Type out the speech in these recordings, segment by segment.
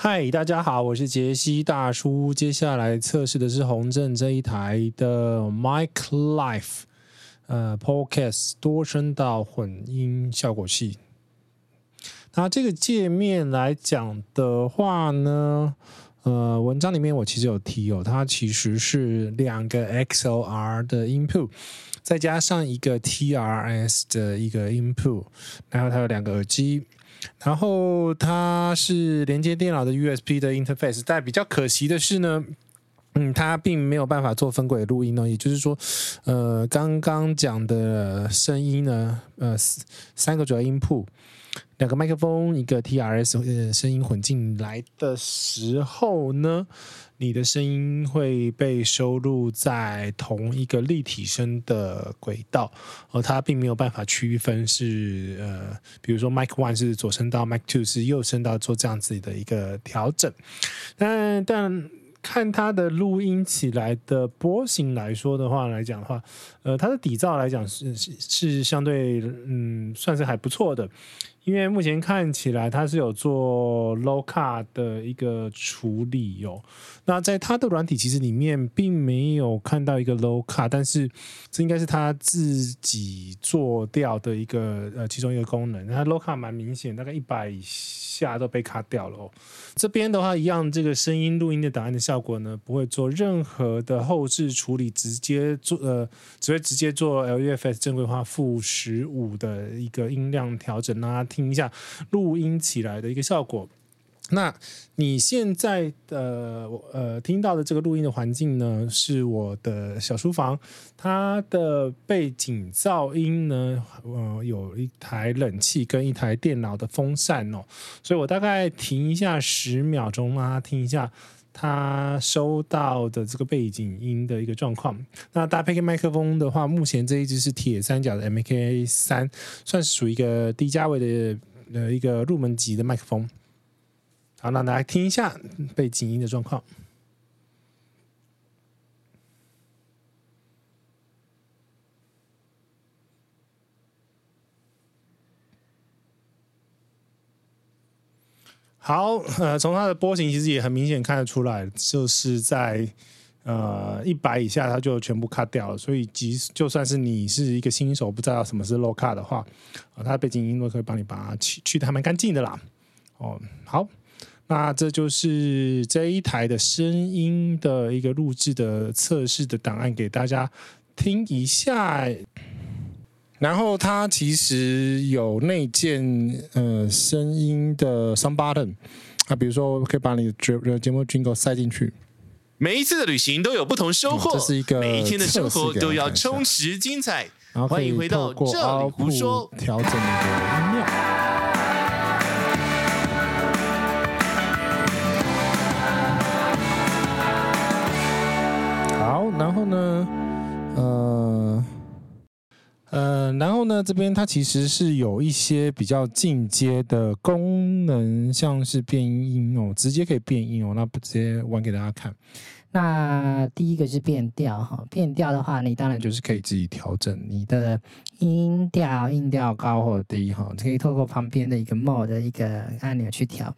嗨，大家好，我是傑西大叔。接下來測試的是宏正這一台的 MicLIVE，呃，Podcast 多聲道混音效果器。那這個界面來講的話呢，呃，文章裡面我其實有提哦，它其實是兩個 XLR 的 input，再加上一個 TRS 的一個 input，然後它有兩個耳機。然後它是連接電腦的 USB 的 interface，但比較可惜的是呢。嗯，它並沒有辦法做分軌錄音呢、哦，也就是說，呃，剛剛講的聲音呢，呃，三個主要音埠，兩個麥克風，一個 TRS，、呃、聲音混進來的時候呢，你的聲音會被收錄在同一個立體聲的軌道，而、呃、它並沒有辦法區分是呃，比如說 Mic One 是左聲道，Mic Two 是右聲道，做這樣子的一個調整，但但。看它的錄音起來的波形來說的話來講的話，呃，它的底噪來講是是是相對嗯算是還不錯的。因為目前看起來它是有做 low c a 的一個處理喲、哦，那在它的軟體其實裡面並沒有看到一個 low c a，但是這應該是它自己做掉的一個呃其中一個功能。它 low c a t 明顯，大概一百以下都被卡掉了哦。這邊的話一樣，這個聲音錄音的檔案的效果呢，不會做任何的後置處理，直接做呃只會直接做 L U F S 正規化負十五的一個音量調整啊。聽一下錄音起來的一個效果。那你現在的呃聽到的這個錄音的環境呢，是我的小書房，它的背景噪音呢，呃，有一台冷氣跟一台電腦的風扇哦，所以我大概停一下十秒鐘，啊，讓大家聽一下。他收到的這個背景音的一個狀況。那搭配個麥克風的話，目前這一只是鐵三角的 MK3，算是屬於一個低價位的呃一個入門級的麥克風。好，那來聽一下背景音的狀況。好，呃，從它的波形其實也很明顯看得出來，就是在呃一百以下它就全部 cut 掉了。所以即使就算是你是一個新手，不知道什麼是 low cut 的話，啊、呃，它的背景音都可以幫你把它去去的還蠻乾淨的啦。哦，好，那這就是這一台的聲音的一個錄製的測試的檔案，給大家聽一下、欸。然後它其實有內建呃聲音的 sound button 啊，比如說我可以把你的，節目 jingle 塞進去。每一次的旅行都有不同收穫，嗯、這是一個一每一天的生活都要充實精彩。歡迎回到這裡胡說。調整音量。好，然後呢？那這邊它其實是有一些比較進階的功能，像是變音哦，直接可以變音哦。那不直接玩給大家看。那第一個是變調哈，變調的話，你當然就是可以自己調整你的音調，音調高或低哈，可以透過旁邊的一個 mode 的一個按鈕去調。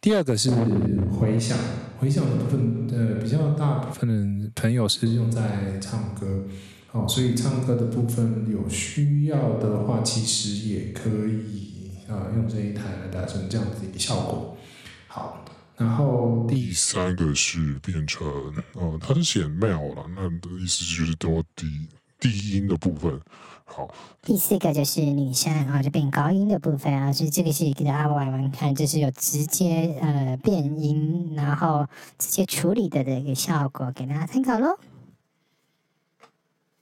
第二個是回響，回響的部分呃，比較大部分的朋友是用在唱歌。好、哦，所以唱歌的部分有需要的話，其實也可以啊，用這一台來達成這樣子的一個效果。好，然後第三個是變成，呃、嗯，它是寫 male 了，那的意思就是多低低音的部分。好，第四個就是女生啊、哦，就變高音的部分啊，所以這個是一個阿伯來看，就是有直接呃變音，然後直接處理的這個效果給大家參考嘍。